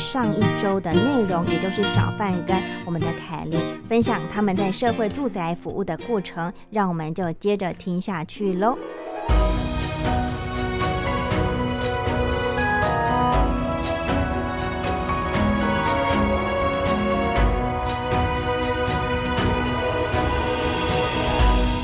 上一周的內容，也就是小飯跟我們的愷伶分享他們在社會住宅服務的過程，讓我們就接着聽下去嘍。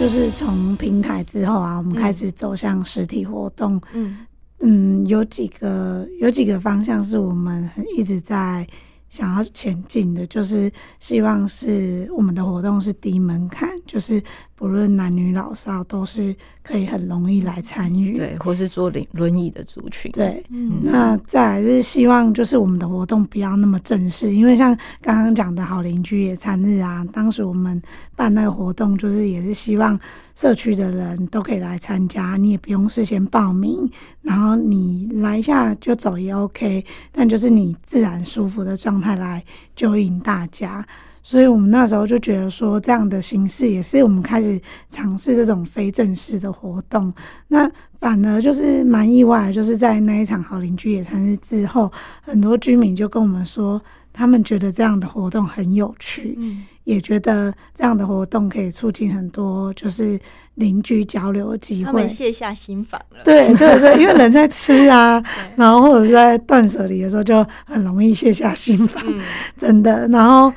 就是從平台之後啊，我們開始走向實體活動，嗯。嗯嗯，有幾個有幾個方向是我們一直在想要前進的，就是希望是我們的活動是低門檻，就是。不論男女老少，都是可以很容易來參與，對，或是坐輪椅的族群，對，嗯、那再來是希望就是我們的活動不要那麼正式，因為像剛剛講的好鄰居野餐日啊，當時我們辦那個活動，就是也是希望社區的人都可以來參加，你也不用事先報名，然後你來一下就走也 OK，但就是你自然舒服的狀態來就引大家。所以我們那時候就覺得說，這樣的形式也是我們開始嘗試這種非正式的活動。那反而就是蠻意外，就是在那一場好鄰居野餐之後，很多居民就跟我們說，他們覺得這樣的活動很有趣，嗯，也覺得這樣的活動可以促進很多就是鄰居交流機會。他們卸下心防了，對對對，因為人在吃啊， 對然後或者是在斷舍離的時候就很容易卸下心防，嗯，真的，然後。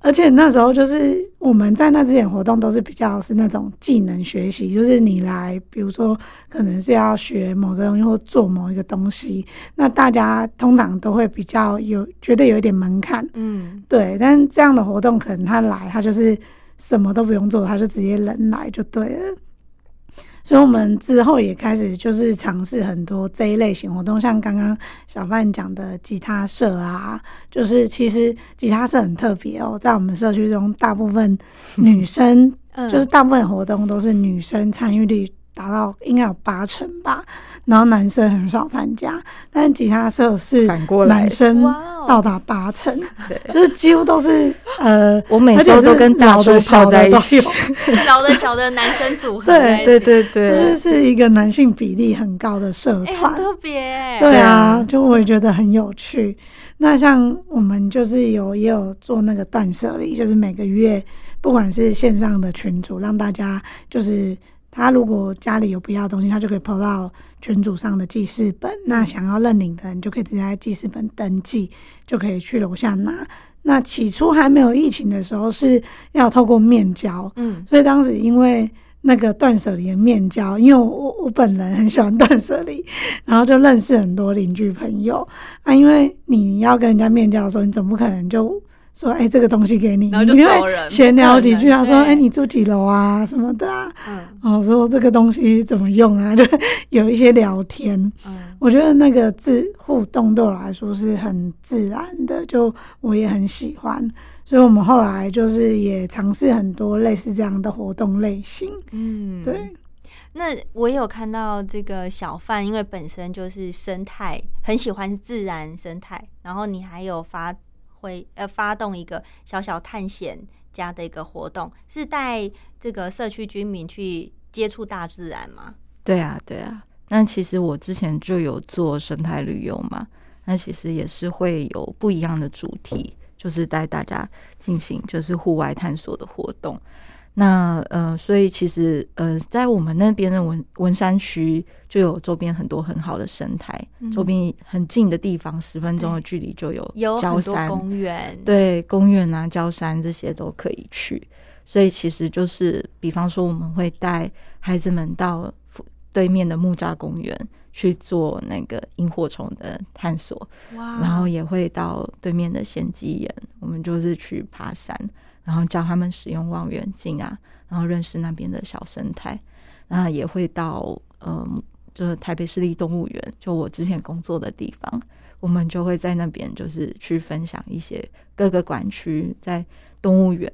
而且那時候就是我們在那之前活動都是比較是那種技能學習，就是你來，比如說可能是要學某個東西或做某一個東西，那大家通常都會比較有覺得有一點門檻，嗯，對。但這樣的活動可能他來，他就是什麼都不用做，他就直接人來就對了。所以，我們之後也開始就是嘗試很多這一類型活動，像剛剛小飯講的吉他社啊，就是其實吉他社很特別哦，在我們社區中，大部分女生，嗯，就是大部分活動都是女生參與率達到應該有八成吧。然後男生很少參加，但吉他社是男生到達八成，反過來，wow，就是幾乎都是對呃，我每周都跟大的小在一起，老的，的 老的小的男生組合，對對對，對就是是一個男性比例很高的社團，欸，特別，對啊，就我也覺得很有趣。對那像我們就是有也有做那個斷捨離，就是每個月不管是線上的群組，讓大家就是他如果家裡有不要的東西，他就可以拋到群組上的記事本，那想要認領的人就可以直接在記事本登記，嗯、就可以去樓下拿。那起初還沒有疫情的時候是要透過面交，嗯，所以當時因為那個斷捨離的面交，因為我我本人很喜歡斷捨離，然後就認識很多鄰居朋友。啊，因為你要跟人家面交的時候，你總不可能就。說哎、欸，這個東西給你，然後，就閒聊幾句啊。人說哎對、欸，你住幾樓啊？什麼的啊？嗯、哦，說這個東西怎麼用啊？就有一些聊天。嗯，我覺得那個自互動對我來說是很自然的，就我也很喜歡。所以，我們後來就是也嘗試很多類似這樣的活動類型。嗯，對。那我也有看到這個小飯，因為本身就是生態，很喜歡自然生態。然後你還有發。會呃，發動一個小小探險家的一個活動，是帶這個社區居民去接觸大自然嗎？對啊，對啊。那其實我之前就有做生態旅遊嘛，那其實也是會有不一樣的主題，就是帶大家進行就是戶外探索的活動。那呃，所以其實呃，在我們那邊的文文山區就有周邊很多很好的生態，嗯、周邊很近的地方，十、嗯、分鐘的距離就有郊山，有很多公園。對，公園啊，郊山這些都可以去。所以其實就是，比方說，我們會帶孩子們到對面的木柵公園去做那個螢火蟲的探索，哇然後也會到對面的仙跡岩，我們就是去爬山。然後教他們使用望遠鏡啊，然後認識那邊的小生態。那也會到，嗯、呃，就是台北市立動物園，就我之前工作的地方，我們就會在那邊，就是去分享一些各個館區在動物園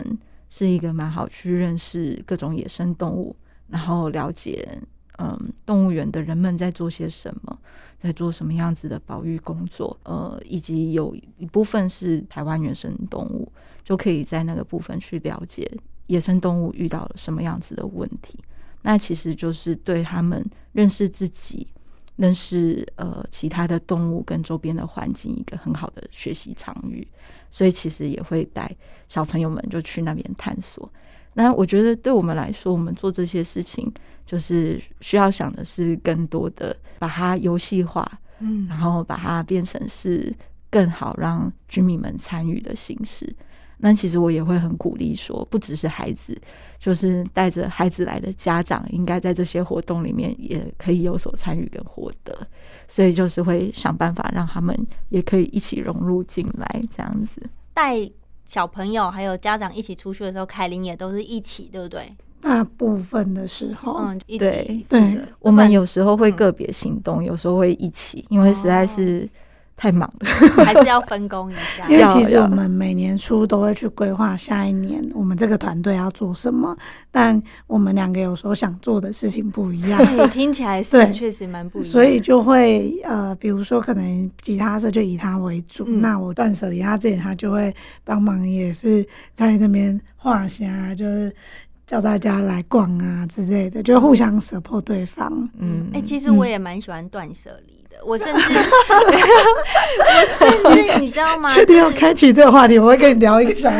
是一個蠻好去認識各種野生動物，然後了解，嗯、呃，動物園的人們在做些什麼，在做什麼樣子的保育工作，呃，以及有一部分是台灣原生動物。就可以在那個部分去了解野生動物遇到了什麼樣子的問題，那其實就是對他們認識自己、認識呃其他的動物跟周邊的環境一個很好的學習場域，所以其實也會帶小朋友們就去那邊探索。那我覺得對我們來說，我們做這些事情就是需要想的是更多的把它遊戲化，嗯，然後把它變成是更好讓居民們參與的形式。那其實我也會很鼓勵說，不只是孩子，就是帶着孩子來的家長，應該在這些活動裡面也可以有所參與跟獲得，所以就是會想辦法讓他們也可以一起融入進來，這樣子。帶小朋友還有家長一起出去的時候，愷伶也都是一起，對不對？大部分的時候，嗯，對對。對，我們有時候會個別行動，嗯，有時候會一起，因為實在是。太忙了， 還是要分工一下。 因為其實我們每年初都會去規劃下一年我們這個團隊要做什麼，但我們兩個有時候想做的事情不一樣。 對，聽起來是確實蠻不一樣。所以就會呃，比如說可能吉他社就以他為主， 嗯、那我斷舍離他這裡，他就會幫忙，也是在那邊畫線，就是。叫大家來逛啊之類的，就互相舍破對方。嗯，哎、嗯，欸，其實我也蠻喜歡斷捨離的。嗯、我甚至， 我甚至你知道嗎？確定要開啟這個話題， 我會跟你聊一個小時。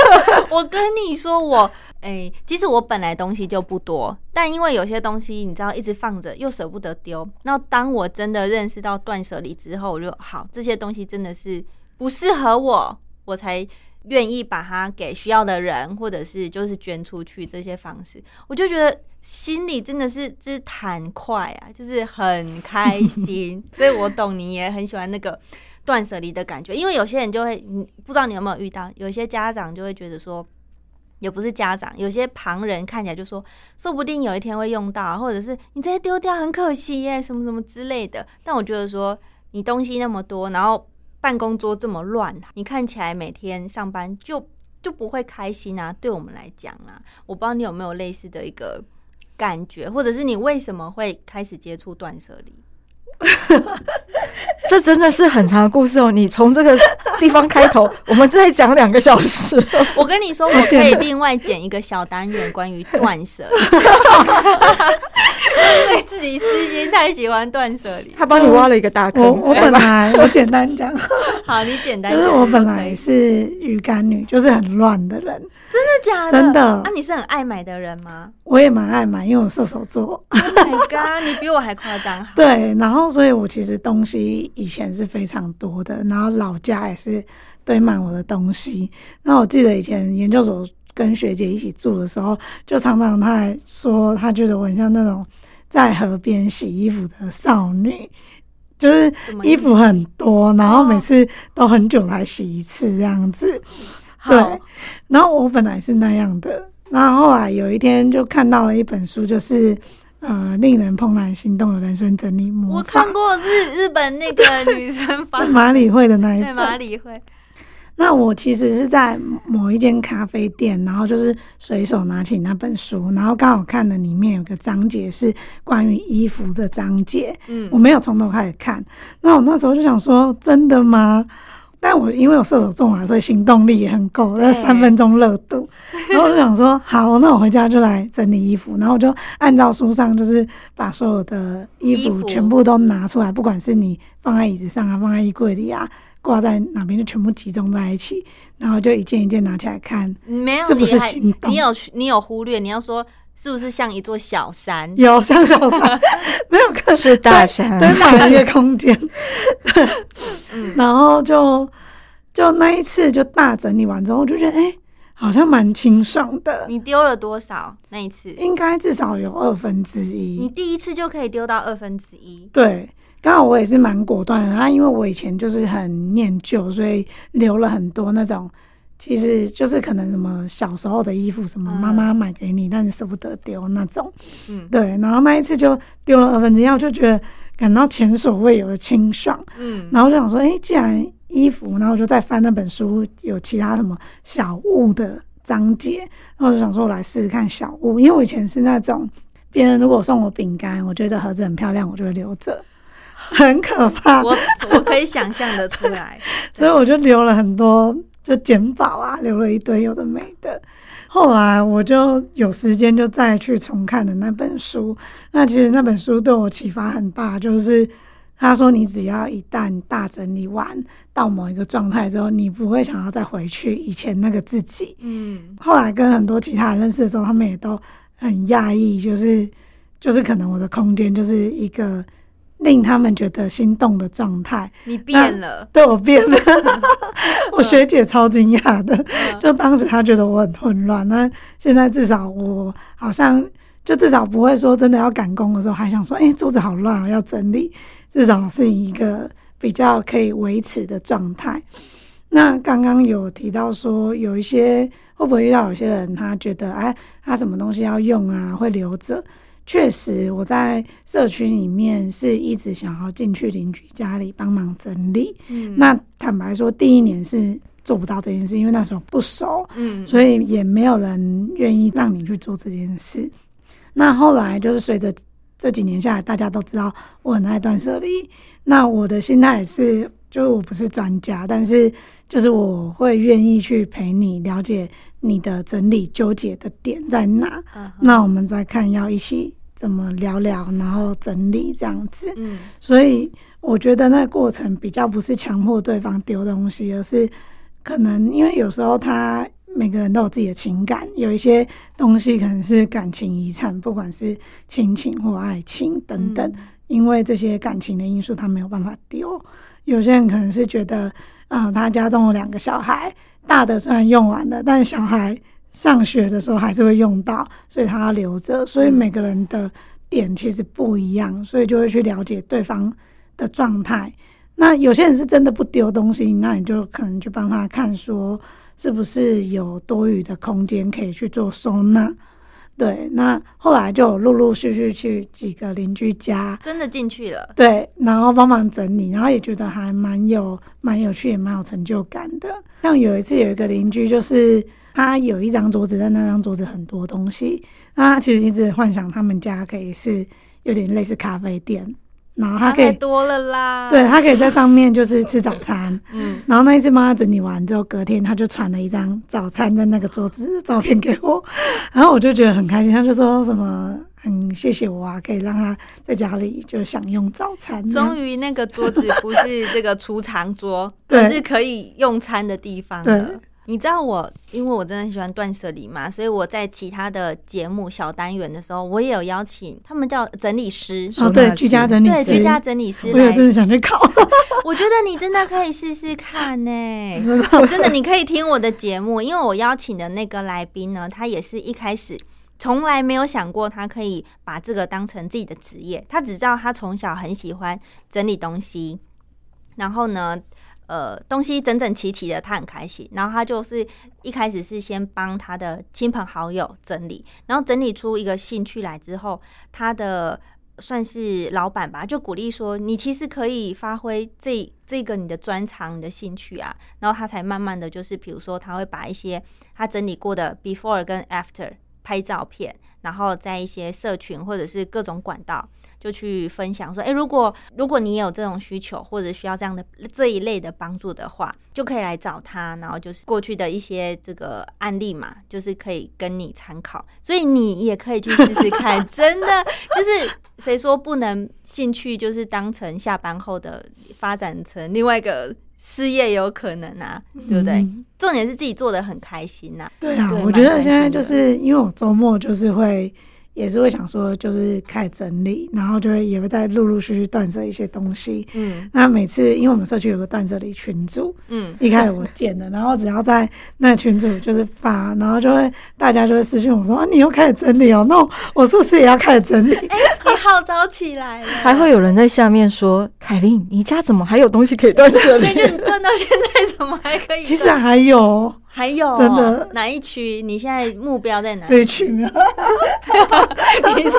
我跟你說我，我、欸、哎，其實我本來的東西就不多，但因為有些東西你知道一直放着又捨不得丟。那當我真的認識到斷捨離之後，我就好這些東西真的是不適合我，我才。願意把它給需要的人，或者是就是捐出去這些方式，我就覺得心裡真的是之坦快啊，就是很開心。 所以我懂你，也很喜歡那個斷捨離的感覺。因為有些人就會，你不知道你有沒有遇到，有些家長就會覺得說，也不是家長，有些旁人看起來就說，說不定有一天會用到啊，或者是你這些丟掉很可惜耶，什麼什麼之類的。但我覺得說，你東西那麼多，然後。辦公桌這麼亂，你看起來每天上班就就不會開心啊。對我們來講啊，我不知道你有沒有類似的一個感覺，或者是你為什麼會開始接觸斷舍離？這真的是很長的故事哦！你從這個地方開頭，我們再講兩個小時。我跟你說，我可以另外剪一個小單元關於斷舍離。哈哈哈，因為自己私心太喜歡斷舍離，他幫你挖了一個大坑。我本來我簡單講，好，你簡單講。就是我本來是魚肝女，就是很亂的人。真的假的？真的。啊，你是很愛買的人嗎？我也蠻愛買，因為我射手座。Oh my God，你比我還誇張。對，然後。所以，我其實東西以前是非常多的，然後老家也是堆滿我的東西。那我記得以前研究所跟學姐一起住的時候，就常常她還說，她覺得我很像那種在河邊洗衣服的少女，就是衣服很多，然後每次都很久才洗一次這樣子。對，然後我本來是那樣的，然後後來有一天就看到了一本書，就是。呃，令人怦然心動的人生整理魔法，我看過日 日本那個女生在 馬里會的那一次在馬里會。那我其實是在某一間咖啡店，然後就是隨手拿起那本書，然後剛好看的裡面有個章節是關於衣服的章節。嗯，我沒有從頭開始看，那我那時候就想說，真的嗎？但我因為我射手座嘛，所以行動力也很夠。那三分鐘熱度，對然後我就想說，好，那我回家就來整理衣服。然後我就按照書上，就是把所有的衣服全部都拿出來，服不管是你放在椅子上啊，放在衣櫃裡啊，掛在哪邊，就全部集中在一起。然後就一件一件拿起來看，沒有？是不是行動？你有你有忽略？你要說？是不是像一座小山？有像小山， 沒有看是大山，很小的一個空間。 然後就就那一次就大整理完之後，我就覺得哎、欸，好像蠻清爽的。你丟了多少？那一次應該至少有二分之一。2, 你第一次就可以丟到二分之一？對，剛好我也是蠻果斷的、啊。因為我以前就是很念舊，所以留了很多那種。其實就是可能什麼小時候的衣服，什麼媽媽買給你，嗯、但你捨不得丟那種。嗯，對。然後那一次就丟了二分之一，我就覺得感到前所未有的清爽。嗯，然後就想說，哎、欸，既然衣服，然後我就再翻那本書，有其他什麼小物的章節，然後就想說，我來試試看小物，因為我以前是那種別人如果送我餅乾，我覺得盒子很漂亮，我就會留着。很可怕，我我可以想象得出來。 所以我就留了很多。就撿寶啊，留了一堆有的沒的。後來我就有時間就再去重看的那本書。那其實那本書對我啟發很大，就是他說，你只要一旦大整理完到某一個狀態之後，你不會想要再回去以前那個自己。嗯，後來跟很多其他人認識的時候，他們也都很訝異，就是就是可能我的空間就是一個。令他們覺得心動的狀態，你變了。啊，對，我變了， 我學姐超驚訝的，就當時她覺得我很混亂，那現在至少我好像，就至少不會說真的要趕工的時候，還想說，誒、欸、桌子好亂啊，喔，要整理，至少是一個比較可以維持的狀態。那剛剛有提到說，有一些會不會遇到有些人，他覺得，哎，欸，他什麼東西要用啊，會留着。確實，我在社區裡面是一直想要進去鄰居家裡幫忙整理。嗯、那坦白說，第一年是做不到這件事，因為那時候不熟，嗯、所以也沒有人願意讓你去做這件事。那後來就是隨着這幾年下來，大家都知道我很愛斷捨離。那我的心態是，就是我不是專家，但是就是我會願意去陪你了解你的整理糾結的點在哪。啊、那我們再看要一起。怎麼聊聊，然後整理這樣子，嗯，所以我覺得那個過程比較不是強迫對方丟東西，而是可能因為有時候他每個人都有自己的情感，有一些東西可能是感情遺產，不管是親情或愛情等等，嗯，因為這些感情的因素，他沒有辦法丟。有些人可能是覺得，啊，呃，他家中有兩個小孩，大的雖然用完了，但小孩上學的時候還是會用到，所以他要留着。所以每個人的點其實不一樣，所以就會去了解對方的狀態。那有些人是真的不丟東西，那你就可能去幫他看，說是不是有多餘的空間可以去做收納。對，那後來就陸陸續續去幾個鄰居家，真的進去了。對，然後幫忙整理，然後也覺得還蠻有、蠻有趣，也蠻有成就感的。像有一次，有一個鄰居，就是他有一張桌子，但那張桌子很多東西，那他其實一直幻想他們家可以是有點類似咖啡店。然後他可以多了啦，對，他可以在上面就是吃早餐，嗯，然後那一次媽媽整理完之後，隔天他就傳了一張早餐在那個桌子的照片給我，然後我就覺得很開心，他就說什麼很謝謝我啊，可以讓他在家裡就享用早餐。終於那個桌子不是這個儲藏桌，而 是可以用餐的地方了。你知道我，因為我真的喜歡斷捨離嘛，所以我在其他的節目小單元的時候，我也有邀請他們叫整理師，哦，對，居家整理師，對，居家整理師，理師我也真的想去考。來 我覺得你真的可以試試看呢， oh, 真的，你可以聽我的節目，因為我邀請的那個來賓呢，他也是一開始從來沒有想過他可以把這個當成自己的職業，他只知道他從小很喜歡整理東西，然後呢。呃，東西整整齊齊的，他很開心。然後他就是一開始是先幫他的親朋好友整理，然後整理出一個興趣來之後，他的算是老闆吧，就鼓勵說，你其實可以發揮這這個你的專長、你的興趣啊。然後他才慢慢的就是，比如說他會把一些他整理過的 before 跟 after 拍照片，然後在一些社群或者是各種管道。就去分享說，哎、欸，如果如果你也有這種需求或者需要這樣的這一類的幫助的話，就可以來找他。然後就是過去的一些這個案例嘛，就是可以跟你參考。所以你也可以去試試看， 真的就是誰說不能興趣就是當成下班後的發展成另外一個事業，有可能啊，對不對？嗯、重點是自己做得很開心吶、啊。對啊，對我覺得現在就是因為我周末就是會。也是會想說，就是開始整理，然後就會也會在陸陸續續斷捨一些東西。嗯，那每次因為我們社區有個斷捨離群組，嗯，一開始我建的，嗯、然後只要在那群組就是發，然後就會大家就會私信我說、嗯、啊，你又開始整理哦、喔，那、no, 我是不是也要開始整理？哎、欸，你號召起來 還會有人在下面說，愷伶，你家怎麼還有東西可以斷捨？對，就你斷到現在怎麼還可以？其實還有。還有，的哪一區？你現在目標在哪裡？這一區啊？ 你說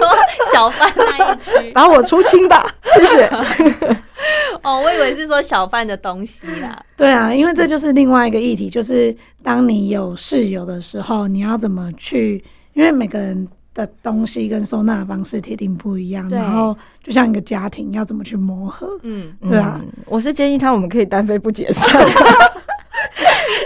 小飯那一區，把我出清吧，謝謝？ 哦，我以為是說小飯的東西啦。對啊，因為這就是另外一個議題，對就是當你有室友的時候，你要怎麼去？因為每個人的東西跟收納方式鐵定不一樣，對然後就像一個家庭要怎麼去磨合？嗯，對啊，我是建議他，我們可以單飛不解散。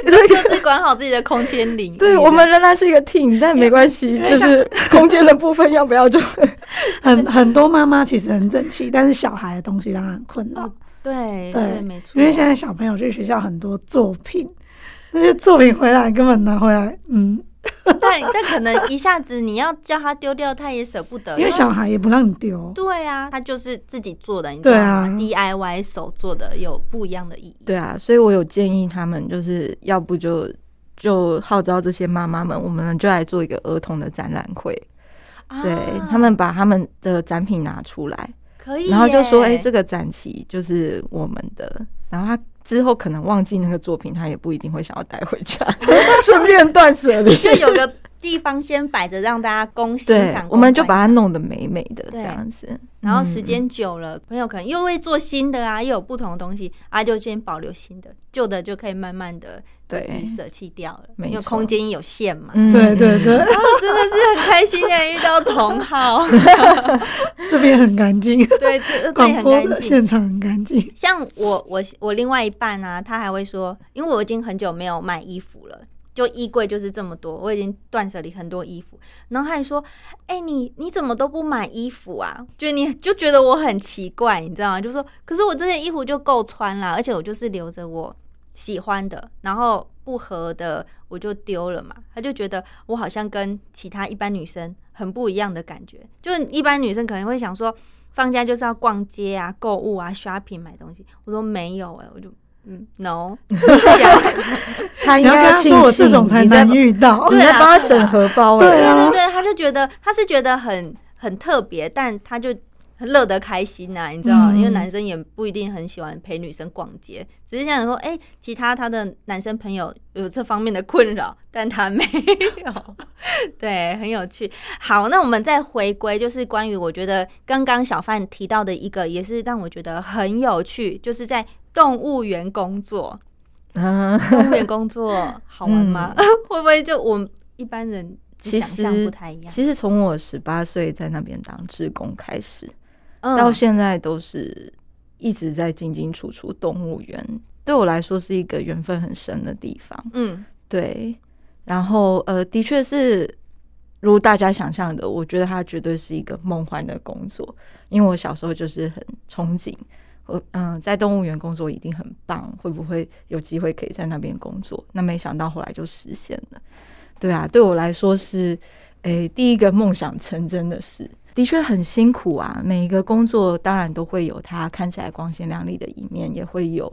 各自 管好自己的空間裡， 對、欸、我們仍然是一個 team， 但沒關係，為就是空間的部分 要不要就 很很多媽媽其實很整齊，但是小孩的東西當然很困難、哦。對對，對，對，沒錯，因為現在小朋友去學校很多作品，那些作品回來根本拿回來，嗯。 但可能一下子你要叫他丟掉，他也捨不得，因為小孩也不讓你丟。對啊，他就是自己做的，你知道嗎，D I Y 手做的有不一樣的意義。對啊，所以我有建議他們，就是要不就就號召這些媽媽們，我們就來做一個兒童的展覽會，對，他們把他們的展品拿出來，可以，然後就說，哎，這個展旗就是我們的，然後他之後可能忘記那個作品，他也不一定會想要帶回家，順 便斷捨離，就有個。地方先擺着，讓大家公喜，我們就把它弄得美美的這樣子。然後時間久了，朋友可能又會做新的啊，又有不同的東西啊，就先保留新的，舊的就可以慢慢的對捨棄掉了。因為空間有限嘛。對對對，對。真的是很開心的 遇到同好。這邊很乾淨。對，這這裡很乾淨，現場很乾淨。像我我我另外一半啊，他還會說，因為我已經很久沒有買衣服了。就衣櫃就是這麼多，我已經斷舍離很多衣服。然後他還說：“哎、欸，你你怎麼都不買衣服啊？就你就覺得我很奇怪，你知道嗎？就說，可是我這件衣服就夠穿啦，而且我就是留着我喜歡的，然後不合的我就丟了嘛。他就覺得我好像跟其他一般女生很不一樣的感覺，就一般女生可能會想說，放假就是要逛街啊、購物啊、shopping 買東西。我說沒有、欸，哎，我就。”嗯，no， 他應該 說，我這種才能遇到，對，要幫他省荷包啊。對啊對、啊、對、啊，他就覺得他是覺得很很特別，但他就很樂得開心吶、啊，你知道，嗯、因為男生也不一定很喜歡陪女生逛街，只是想說，哎，其他他的男生朋友有這方面的困擾，但他沒有， 對，很有趣。好，那我們再回歸，就是關於我覺得剛剛小飯提到的一個，也是讓我覺得很有趣，就是在。動物園工作，動物園工作好玩嗎？會不會就我一般人，其實不太一樣。其實從我十八歲在那邊當志工開始，嗯、到現在都是一直在進進出出動物園。對我來說，是一個緣分很深的地方。嗯，對。然後，呃，的確是如大家想象的，我覺得它絕對是一個夢幻的工作，因為我小時候就是很憧憬。嗯，在動物園工作一定很棒，會不會有機會可以在那邊工作？那沒想到後來就實現了。對啊，對我來說是誒、欸、第一個夢想成真的事，的確很辛苦啊。每一個工作當然都會有它看起來光鮮亮麗的一面，也會有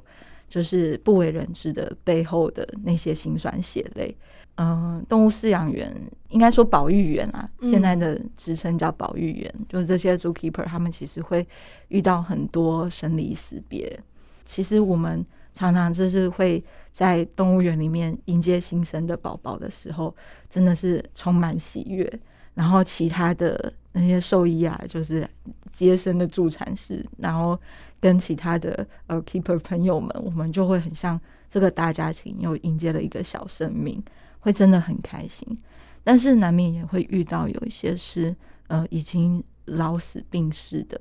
就是不為人知的背後的那些辛酸血淚。嗯、呃，動物飼養員應該說保育員啊，嗯、現在的職稱叫保育員，就是這些 zoo keeper 他們其實會遇到很多生離死別。其實我們常常就是會在動物園裡面迎接新生的寶寶的時候，真的是充滿喜悅。然後其他的那些獸醫啊，就是接生的助產士，然後跟其他的呃 keeper 朋友們，我們就會很像這個大家庭，又迎接了一個小生命。會真的很開心，但是難免也會遇到有一些是呃已經老死病逝的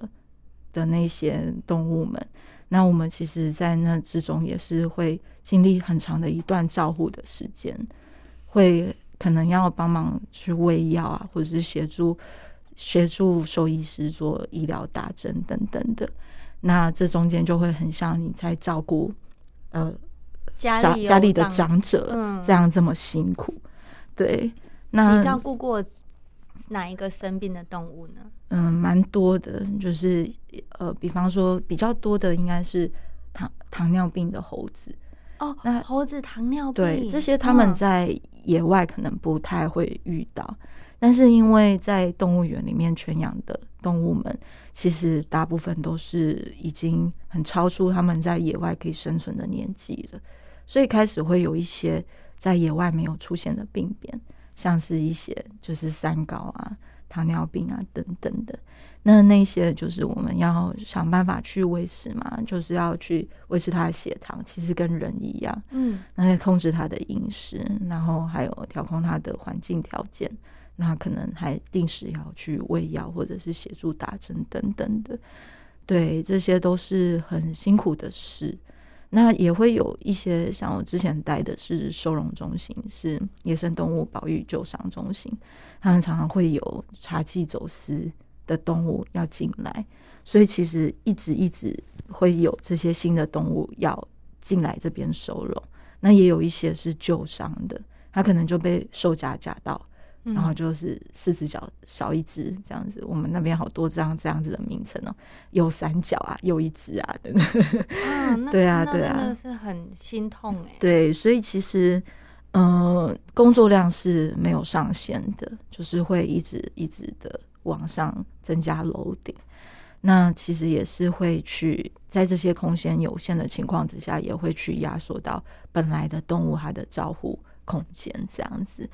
的那些動物們。那我們其實，在那之中也是會經歷很長的一段照顧的時間，會可能要幫忙去餵藥啊，或者是協助協助獸醫師做醫療打針等等的。那這中間就會很像你在照顧呃。家裡家裡的長者，這樣這麼辛苦。嗯、對。那你照顧過哪一個生病的動物呢？嗯，蠻多的，就是呃，比方說比較多的應該是糖糖尿病的猴子。哦，那猴子糖尿病？對，這些他們在野外可能不太會遇到，哦，但是因為在動物園裡面圈養的動物們，其實大部分都是已經很超出他們在野外可以生存的年紀了。所以開始會有一些在野外沒有出現的病變，像是一些就是三高啊、糖尿病啊等等的。那那些就是我們要想辦法去餵食嘛，就是要去維持他的血糖，其實跟人一樣。嗯，然後控制他的飲食，然後還有調控他的環境條件。那可能還定時要去餵藥，或者是協助打針等等的。對，這些都是很辛苦的事。那也會有一些像我之前待的是收容中心，是野生動物保育救傷中心，他們常常會有查緝走私的動物要進來，所以其實一直一直會有這些新的動物要進來這邊收容。那也有一些是救傷的，他可能就被獸夾夾到。然後就是四隻腳少一隻這樣、嗯、這樣子，我們那邊好多這樣這樣子的名稱哦，有三腳啊，有一隻啊，對 啊、那個、對啊，真的是很心痛哎。對，所以其實，嗯、呃，工作量是沒有上限的，就是會一直一直的往上增加樓頂。那其實也是會去在這些空間有限的情況之下，也會去壓縮到本來的動物它的照護空間這樣子。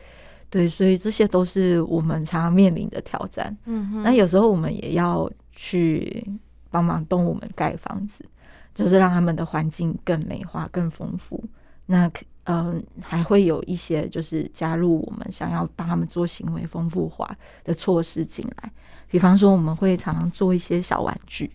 對，所以這些都是我們常常面臨的挑戰。嗯哼，那有時候我們也要去幫忙動物們蓋房子，就是讓他們的環境更美化、更豐富。那嗯、呃，還會有一些就是加入我們想要幫他們做行為豐富化的措施進來，比方說我們會常常做一些小玩具，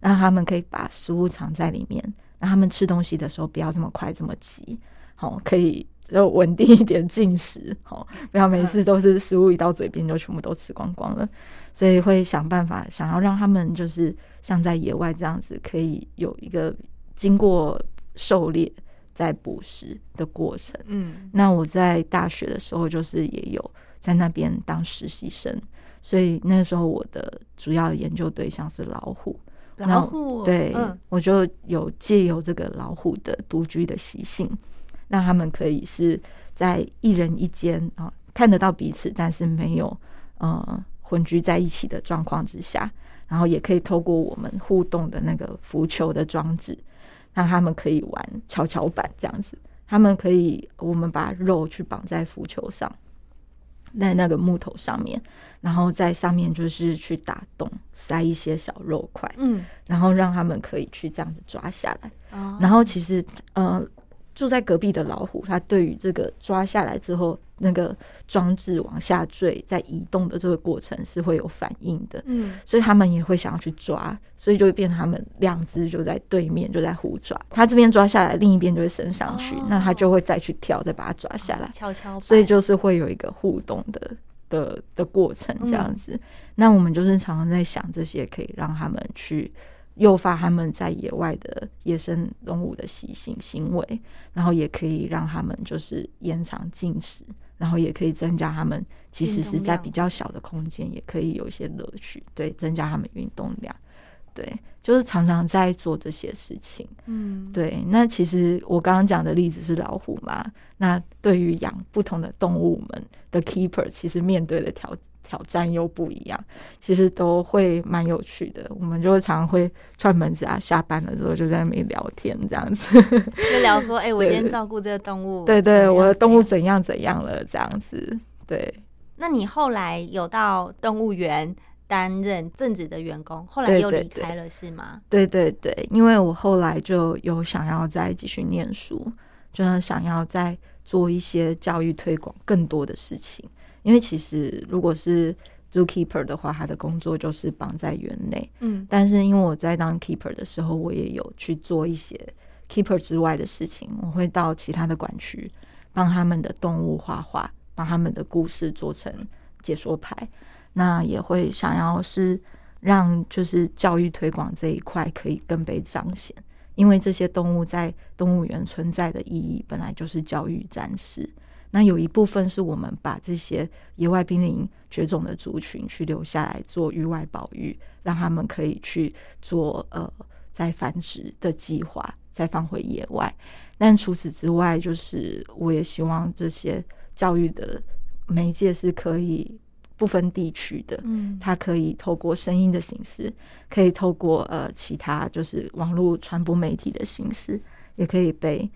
讓他們可以把食物藏在裡面，讓他們吃東西的時候不要這麼快、這麼急，好可以。就穩定一點進食，好、哦，不要每次都是食物一到嘴邊就全部都吃光光了。所以會想辦法，想要讓他們就是像在野外這樣子，可以有一個經過狩獵再捕食的過程。嗯，那我在大學的時候，就是也有在那邊當實習生，所以那時候我的主要研究對象是老虎。然後老虎，對，嗯、我就有借由這個老虎的獨居的習性。讓他們可以是在一人一間啊，呃，看得到彼此，但是沒有呃混居在一起的狀況之下，然後也可以透過我們互動的那個浮球的裝置，讓他們可以玩蹺蹺板這樣子。他們可以，我們把肉去綁在浮球上，在那個木頭上面，然後在上面就是去打洞，塞一些小肉塊，嗯，然後讓他們可以去這樣子抓下來。哦，然後其實呃。住在隔壁的老虎，它對於這個抓下來之後，那個裝置往下墜，在移動的這個過程是會有反應的，嗯，所以他們也會想要去抓，所以就會變成他們兩隻就在對面就在互抓，它這邊抓下來，另一邊就會升上去，哦，那它就會再去跳，再把它抓下來，哦，悄悄，所以就是會有一個互動的的的過程這樣子。嗯，那我們就是常常在想這些，可以讓他們去。誘發他們在野外的野生動物的習性行為，然後也可以讓他們就是延長進食，然後也可以增加他們其實是在比較小的空間也可以有一些樂趣，對，增加他們運動量，對，就是常常在做這些事情，嗯，對。那其實我剛剛講的例子是老虎嘛，那對於養不同的動物們的 keeper，其實面對的條。挑戰又不一樣，其實都會蠻有趣的。我們就常常會串門子啊，下班了之後就在那邊聊天，這樣子就聊說：“哎、欸，我今天照顧這個動物，對，對對，怎樣怎樣，我的動物怎樣怎樣了，這樣子。”對。那你後來有到動物園擔任正職的員工，後來又離開了對對對，是嗎？對對對，因為我後來就有想要再繼續唸書，就是想要再做一些教育推廣更多的事情。因為其實如果是 zookeeper 的話，他的工作就是綁在園內。嗯，但是因為我在當 keeper 的時候，我也有去做一些 keeper 之外的事情。我會到其他的管區，幫他們的動物畫畫，幫他們的故事做成解說牌。那也會想要是讓就是教育推廣這一塊可以更被彰顯，因為這些動物在動物園存在的意義本來就是教育展示。那有一部分是我們把這些野外瀕臨絕種的族群去留下來做域外保育，讓他們可以去做呃再繁殖的計劃，再放回野外。但除此之外，就是我也希望這些教育的媒介是可以不分地區的，它可以透過聲音的形式，可以透過呃其他就是網絡傳播媒體的形式，也可以被。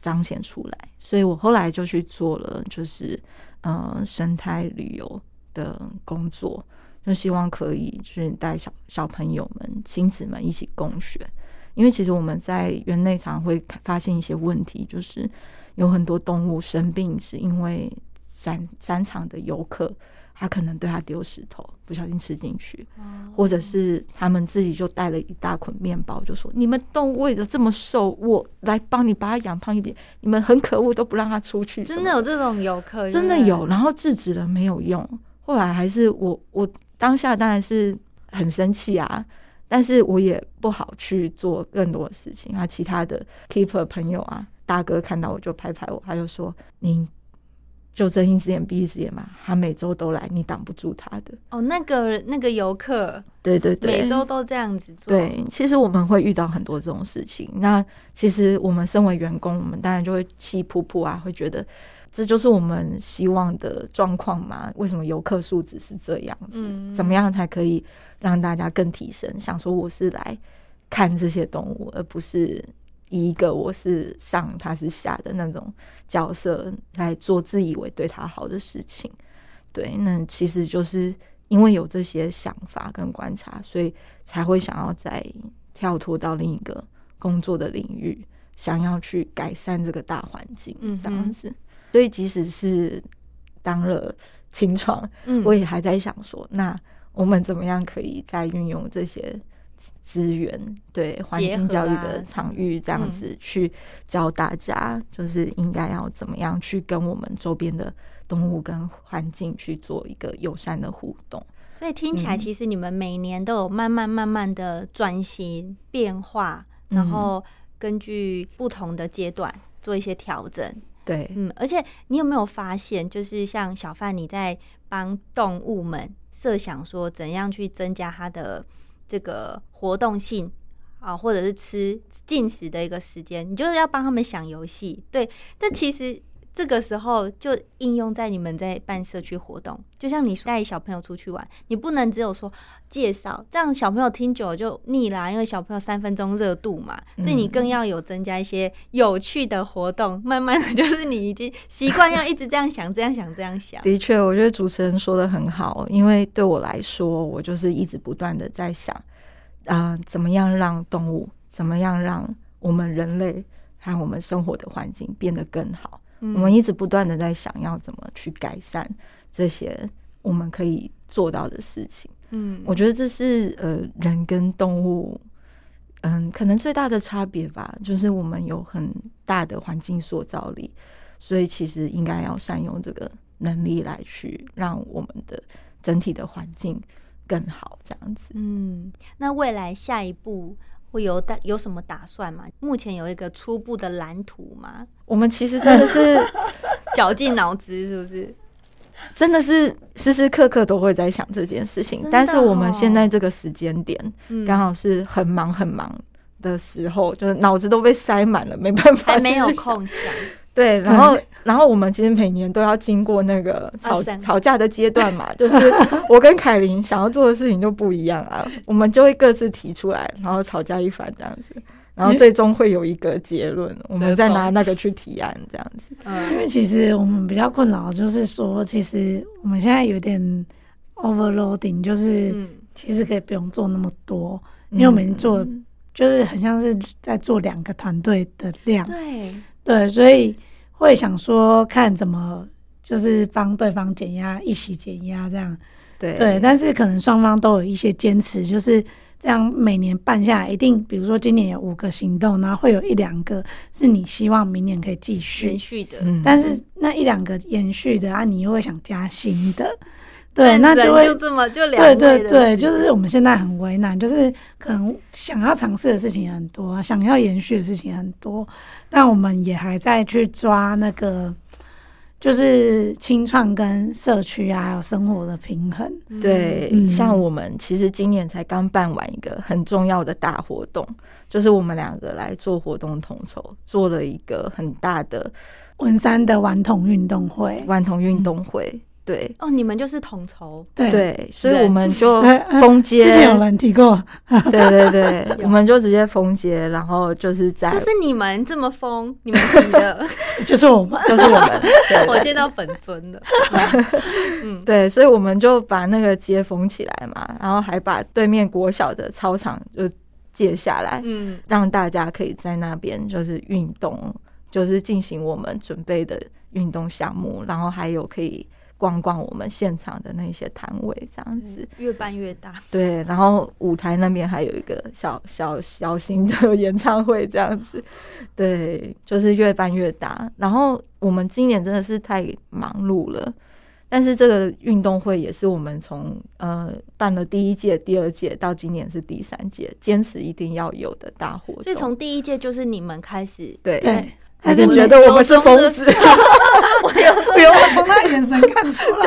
彰顯出來，所以我後來就去做了，就是呃生態旅遊的工作，就希望可以去帶小小朋友們、親子們一起共學。因為其實我們在園內常常會發現一些問題，就是有很多動物生病，是因為山山上的遊客。他可能對他丟石頭，不小心吃進去，oh. 或者是他們自己就帶了一大捆麵包，就說你們都餵得這麼瘦，我來幫你把它養胖一點。你們很可惡，都不讓他出去。真的有這種遊客，真的有，然後制止了沒有用。後來還是我，我當下當然是很生氣啊，但是我也不好去做更多的事情啊。其他的 keeper 朋友啊，大哥看到我就拍拍我，他就說：“你……”就睜一隻眼閉一隻眼嘛，他每周都來，你擋不住他的。哦，那個那個遊客，對對對，每周都這樣子做。對，其實我們會遇到很多這種事情。嗯、那其實我們身為員工，我們當然就會氣噗噗啊，會覺得這就是我們希望的狀況嘛。為什麼遊客素質是這樣子？嗯、怎麼樣才可以讓大家更提升？想說我是來看這些動物，而不是。一個我是上，他是下的那種角色來做自以為對他好的事情，對，那其實就是因為有這些想法跟觀察，所以才會想要再跳脫到另一個工作的領域，想要去改善這個大環境這樣子。嗯、哼所以，即使是當了青創，我也還在想說，嗯、那我們怎麼樣可以再運用這些。資源對環境教育的場域這樣子去教大家，就是應該要怎麼樣去跟我們周邊的動物跟環境去做一個友善的互動。所以聽起來，其實你們每年都有慢慢慢慢的轉型變化，然後根據不同的階段做一些調整。嗯、對，嗯，而且你有沒有發現，就是像小飯你在幫動物們設想說，怎樣去增加它的。這個活動性啊，或者是吃進食的一個時間，你就是要幫他們想遊戲。對，但其實。這個時候就應用在你們在辦社區活動，就像你帶小朋友出去玩，你不能只有說介紹，這樣小朋友聽久了就膩啦，因為小朋友三分鐘熱度嘛，所以你更要有增加一些有趣的活動。嗯、慢慢的就是你已經習慣要一直這樣想， 這樣想，這樣想。的確，我覺得主持人說的很好，因為對我來說，我就是一直不斷的在想啊、呃，怎麼樣讓動物，怎麼樣讓我們人類和我們生活的環境變得更好。我們一直不斷的在想，要怎麼去改善這些我們可以做到的事情。嗯，我覺得這是呃人跟動物，嗯，可能最大的差別吧，就是我們有很大的環境塑造力，所以其實應該要善用這個能力來去讓我們的整體的環境更好，這樣子。嗯，那未來下一步。會有打有什麼打算嗎？目前有一個初步的藍圖嗎？我們其實真的是絞盡腦汁，是不是？真的是時時刻刻都會在想這件事情。但是我們現在這個時間點，剛好是很忙很忙的時候，就是腦子都被塞滿了，沒辦法，還沒有空想。 對，然後。然後我們其實每年都要經過那個吵、啊、神吵架的階段嘛， 就是我跟愷伶想要做的事情就不一樣啊， 我們就會各自提出來，然後吵架一番這樣子，然後最終會有一個結論，咦我們再拿那個去提案這樣子。嗯、因為其實我們比較困擾就是說，其實我們現在有點 overloading，就是其實可以不用做那麼多，嗯、因為我們做、嗯、就是很像是在做兩個團隊的量，對對，所以。會想說看怎麼就是幫對方減壓，一起減壓這樣，對對，但是可能雙方都有一些堅持，就是這樣每年辦下來，一定比如說今年有五個行動，然後會有一兩個是你希望明年可以繼續延續的，但是那一兩個延續的啊，你又會想加新的。 對，那就會這麼就兩，對對對，就是我們現在很為難，就是可能想要嘗試的事情很多，啊，想要延續的事情很多，但我們也還在去抓那個，就是青創跟社區啊，還有生活的平衡。對，嗯、像我們其實今年才剛辦完一個很重要的大活動，就是我們兩個來做活動統籌，做了一個很大的文山的頑童運動會，頑童運動會。對哦，你們就是統籌，對，人所以我們就封街。之前有人提過，對對對，有我們就直接封街，然後就是在就是你們這麼封，你們的， 就是我們，就是我們。我見到本尊了，嗯， 對，所以我們就把那個街封起來嘛，然後還把對面國小的操場就借下來，嗯，讓大家可以在那邊就是運動，就是進行我們準備的運動項目，然後還有可以。逛逛我們現場的那些攤位，這樣子越辦越大。對，然後舞台那邊還有一個小小小型的演唱會，這樣子，對，就是越辦越大。然後我們今年真的是太忙碌了，但是這個運動會也是我們從呃辦了第一屆、第二屆到今年是第三屆，堅持一定要有的大活動。所以從第一屆就是你們開始，對。還是覺得我們是瘋子，哈哈哈，我有， 我從 他眼神看出來。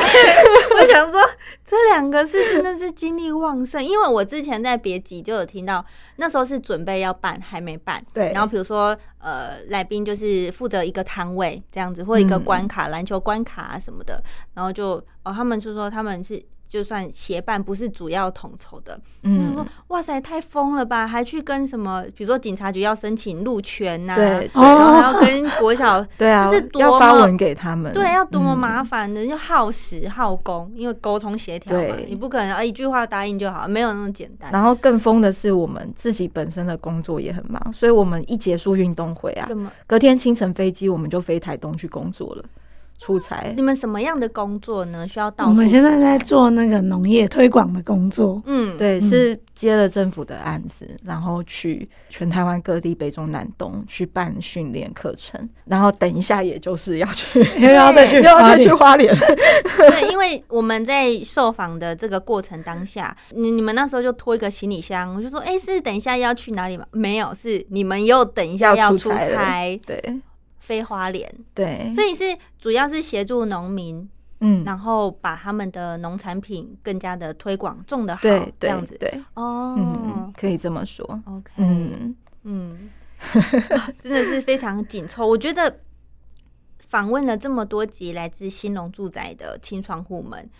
我想說，這兩個是真的是精力旺盛，因為我之前在別集就有聽到，那時候是準備要辦，還沒辦。對，然後比如說。呃，來賓就是負責一個攤位這樣子，或一個關卡、嗯、籃球關卡啊什麼的，然後就哦，他們就說他們是就算協辦，不是主要統籌的。嗯，哇塞，太瘋了吧，還去跟什麼？比如說警察局要申請路權吶、啊，對，然後還要跟國小， 對啊，這是多發文給他們，對，要多麼麻煩的，要、嗯、耗時耗工，因為溝通協調嘛，對你不可能啊，一句話答應就好，沒有那麼簡單。然後更瘋的是，我們自己本身的工作也很忙，所以我們一結束運動。回啊，隔天清晨飛機，我們就飛台東去工作了。出差？你們什麼樣的工作呢？需要到？到我們現在在做那個農業推廣的工作。嗯，對，是接了政府的案子，然後去全台灣各地北中南東去辦訓練課程，然後等一下也就是要去對，又 要再去花蓮對， 因為我們在受訪的這個過程當下，你你們那時候就拖一個行李箱，我就說，哎、欸，是等一下要去哪裡嗎？沒有，是你們又等一下要出差。出差對。非花蓮對，所以是主要是協助農民，嗯，然後把他們的農產品更加的推廣，種的好對對對這樣子，對、嗯，哦、嗯，可以這麼說，OK，嗯嗯，嗯 真的是非常緊湊。我覺得訪問了這麼多集來自興隆住宅的青創戶們，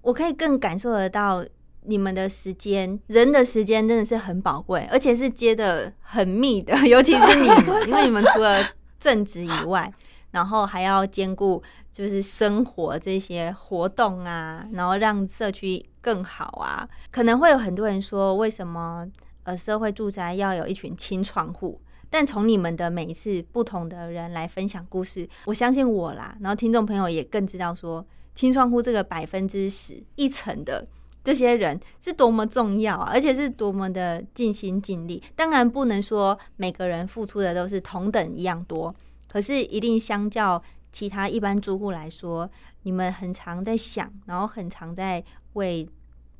我可以更感受得到你們的時間，人的時間真的是很寶貴，而且是接得很密的，尤其是你們， 因為你們除了正職以外，然後還要兼顧就是生活這些活動啊，然後讓社區更好啊。可能會有很多人說，為什麼呃社會住宅要有一群青創戶？但從你們的每一次不同的人來分享故事，我相信我啦，然後聽眾朋友也更知道說，青創戶這個百分之十一成的。這些人是多麼重要，啊，而且是多麼的盡心盡力。當然不能說每個人付出的都是同等一樣多，可是一定相較其他一般租戶來說，你們很常在想，然後很常在為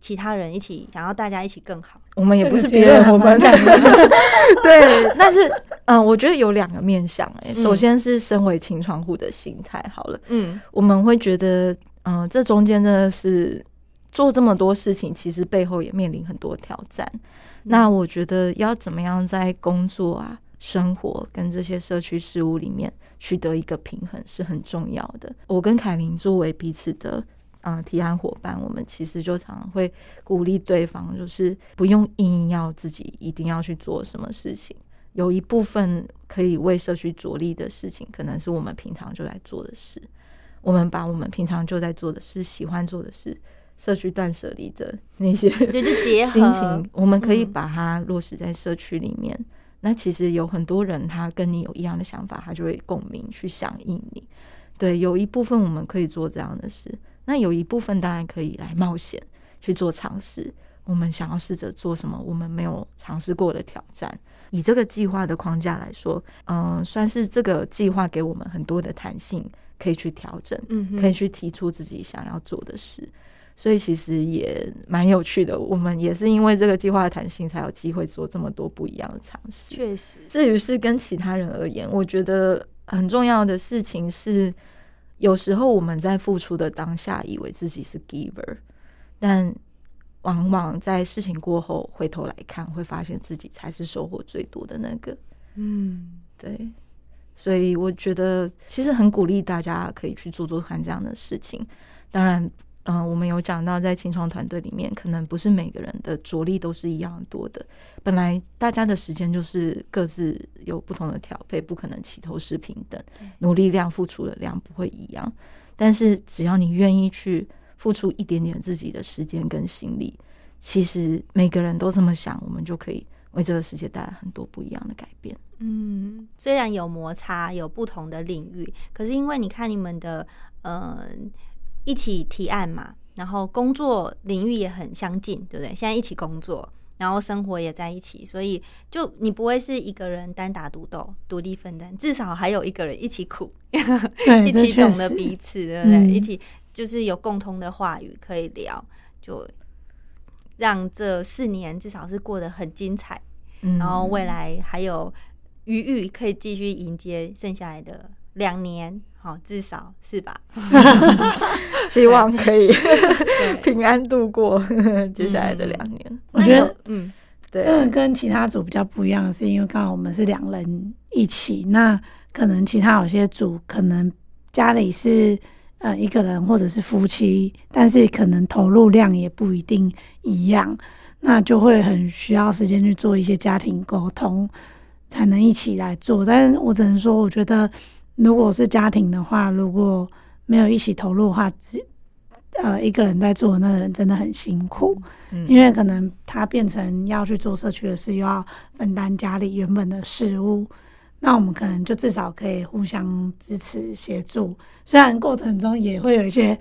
其他人一起想要大家一起更好。我們也不是別人，是人我們 對， 但是嗯、呃，我覺得有兩個面向，欸。哎、嗯，首先是身為青創戶的心態。好了，嗯，我們會覺得，嗯、呃，這中間的是。做這麼多事情，其實背後也面臨很多挑戰。那我覺得要怎麼樣在工作啊、生活跟這些社區事務裡面取得一個平衡是很重要的。我跟愷伶作為彼此的嗯、呃、提案伙伴，我們其實就常常會鼓勵對方，就是不用硬硬要自己一定要去做什麼事情。有一部分可以為社區着力的事情，可能是我們平常就在做的事。我們把我們平常就在做的事、喜歡做的事。社區斷捨離的那些，對，就結合 心情，我們可以把它落實在社區裡面。嗯，那其實有很多人，他跟你有一樣的想法，他就會共鳴去響應你。對，有一部分我們可以做這樣的事，那有一部分當然可以來冒險去做嘗試。我們想要試着做什麼，我們沒有嘗試過的挑戰。以這個計劃的框架來說，嗯，算是這個計劃給我們很多的彈性，可以去調整，嗯哼，可以去提出自己想要做的事。所以其實也蠻有趣的，我們也是因為這個計劃的彈性，才有機會做這麼多不一樣的嘗試。確實，至於是跟其他人而言，我覺得很重要的事情是，有時候我們在付出的當下，以為自己是 giver，但往往在事情過後回頭來看，會發現自己才是收穫最多的那個。嗯，對。所以我覺得其實很鼓勵大家可以去做做看這樣的事情，當然。嗯，我們有講到，在青創團隊裡面，可能不是每個人的着力都是一樣多的。本來大家的時間就是各自有不同的調配，不可能齊頭式平等，努力量付出的量不會一樣。但是只要你願意去付出一點點自己的時間跟心力，其實每個人都這麼想，我們就可以為這個世界帶來很多不一樣的改變。嗯，雖然有摩擦，有不同的領域，可是因為你看你們的，嗯、呃。一起提案嘛，然後工作領域也很相近，對不對？現在一起工作，然後生活也在一起，所以就你不會是一個人單打獨鬥，獨立分擔，至少還有一個人一起苦，對 一起懂得彼此，對不對？嗯、一起就是有共同的話語可以聊，就讓這四年至少是過得很精彩，嗯、然後未來還有餘裕可以繼續迎接剩下來的兩年。好，至少是吧？ 希望可以 平安度過 接下來的兩年。我覺得，嗯，對，這個跟其他組比較不一樣，是因為剛好我們是兩人一起，那可能其他有些組可能家裡是呃一個人或者，是夫妻，但是可能投入量也不一定一樣，那就會很需要時間去做一些家庭溝通，才能一起來做。但是我只能說，我覺得。如果是家庭的話，如果沒有一起投入的話，呃，一個人在做的那個人真的很辛苦，因為可能他變成要去做社區的事，又要分擔家裡原本的事物，那我們可能就至少可以互相支持協助，雖然過程中也會有一些。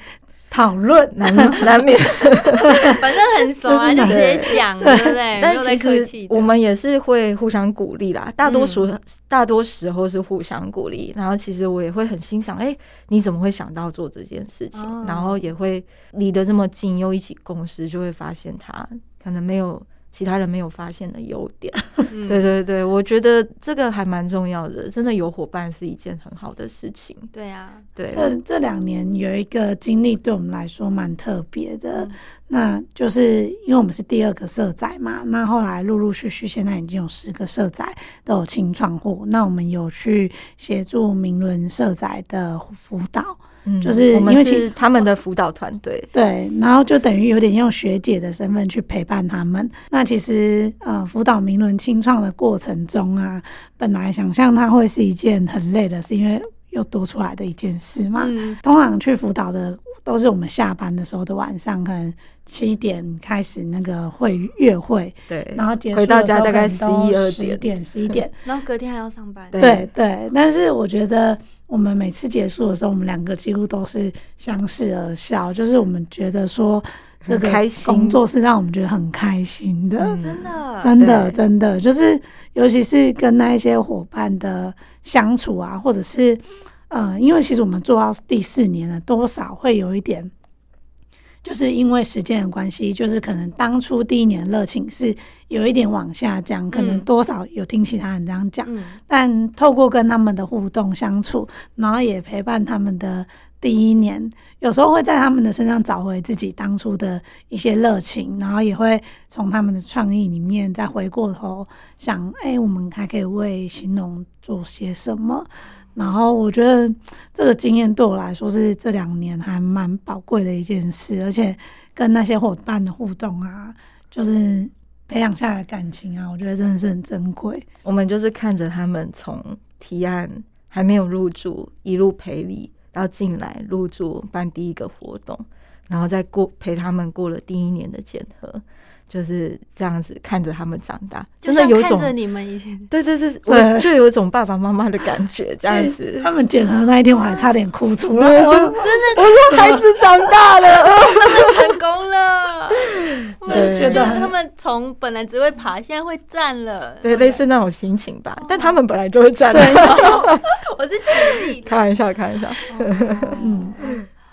討論難難免， 反正很熟啊，是，就直接講，對不對？ 但其實我們也是會互相鼓勵啦，大多數大多時候是互相鼓勵，然後其實我也會很欣賞，哎，你怎麼會想到做這件事情？然後也會離得這麼近，又一起共事，就會發現他可能沒有。其他人沒有發現的優點，嗯、 對對對，我覺得這個還蠻重要的。真的有伙伴是一件很好的事情。嗯、對呀、啊，對。這這兩年有一個經歷，對我們來說蠻特別的。嗯、那就是因為我們是第二個社宅嘛，那後來陸陸續續，現在已經有十個社宅都有青創戶。那我們有去協助明倫社宅的輔導。嗯，就是因為其實、嗯、我們他們的輔導團隊，對，對，然後就等於有點用學姐的身份去陪伴他們。那其實，呃，輔導明倫青創的過程中啊，本來想象它會是一件很累的事，是因為。又多出來的一件事嘛，嗯，通常去輔導的都是我們下班的時候的晚上，可能七點開始那個會、月會，對，然後結束回到家大概十一二點，十一對點，然後隔天還要上班。對對，對，但是我覺得我們每次結束的時候，我們兩個幾乎都是相視而笑，就是我們覺得說這個工作是讓我們覺得很開心的，心真的，真的，真的對，就是尤其是跟那一些伙伴的相處啊，或者是，呃，因為其實我們做到第四年了，多少會有一點，就是因為時間的關係，就是可能當初第一年的熱情是有一點往下降，嗯、可能多少有聽其他人這樣講，嗯、但透過跟他們的互動相處，然後也陪伴他們的。第一年有時候會在他們的身上找回自己當初的一些熱情，然後也會從他們的創意裡面再回過頭想，哎、欸，我們還可以為興隆做些什麼？然後我覺得這個經驗對我來說是這兩年還蠻寶貴的一件事，而且跟那些伙伴的互動啊，就是培養下來感情啊，我覺得真的是很珍貴。我們就是看着他們從提案還沒有入住，一路培力。要進來入住辦第一個活動，然後再過陪他們過了第一年的檢核。就是這樣子看着他們長大，真的有種你們以前，對對對，我就有一種爸爸媽媽的感覺，這樣子。他們剪的那一天，我還差點哭出來。真的，我說孩子長大了，真的成功了。就覺得他們從本來只會爬，現在會站了，對，類似那種心情吧。但他們本來就會站了。我是建議，開玩笑，開玩笑。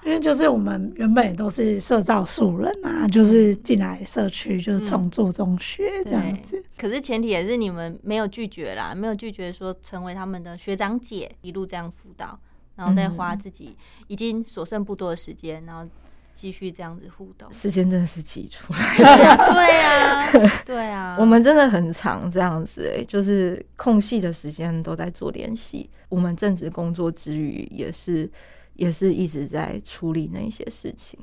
因為就是我們原本都是社造素人啊，就是進來社區，就是從做中學這樣子，嗯。可是前提也是你們沒有拒絕啦，沒有拒絕說成為他們的學長姐，一路這樣輔導，然後再花自己已經所剩不多的時間，然後繼續這樣子互動。時間真的是擠出來。 對啊，對啊， 我們真的很長這樣子，欸，哎，就是空隙的時間都在做聯繫。我們正職工作之餘，也是。也是一直在處理那些事情，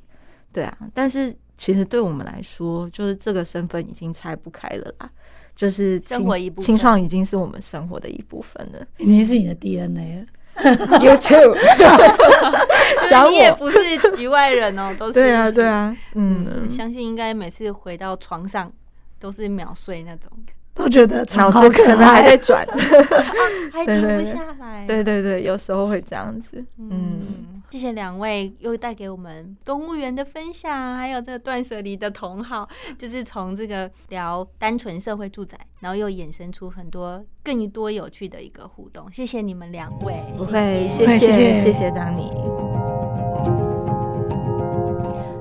對啊，但是其實對我們來說，就是這個身份已經拆不開了啦，就是青，生活一部分，青創已經是我們生活的一部分了，已經是你的 DNA 了。YouTube 你也不是局外人哦， 都是對啊，對啊，嗯，嗯相信應該每次回到床上都是秒睡那種。都覺得腦子可能還在轉，還停不下來。對對對，有時候會這樣子。嗯，嗯謝謝兩位又帶給我們動物園的分享，還有這個斷捨離的同好，就是從這個聊單純社會住宅，然後又衍生出很多更多有趣的一個互動。謝謝你們兩位，謝謝。不會，謝謝謝謝章妮。謝謝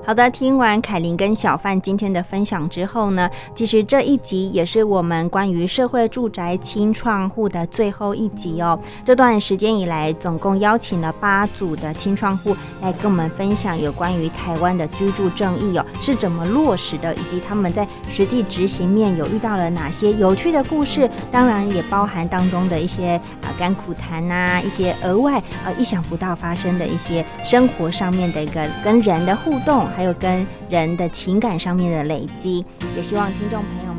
好的，聽完愷伶跟小飯今天的分享之後呢，其實這一集也是我們關於社會住宅青創戶的最後一集哦。這段時間以來，總共邀請了八組的青創戶來跟我們分享有關於台灣的居住正義哦，是怎麼落實的，以及他們在實際執行面有遇到了哪些有趣的故事。當然，也包含當中的一些啊、呃、甘苦談啊，一些額外啊、呃、意想不到發生的一些生活上面的一個跟人的互動。還有跟人的情感上面的累積，也希望聽眾朋友們。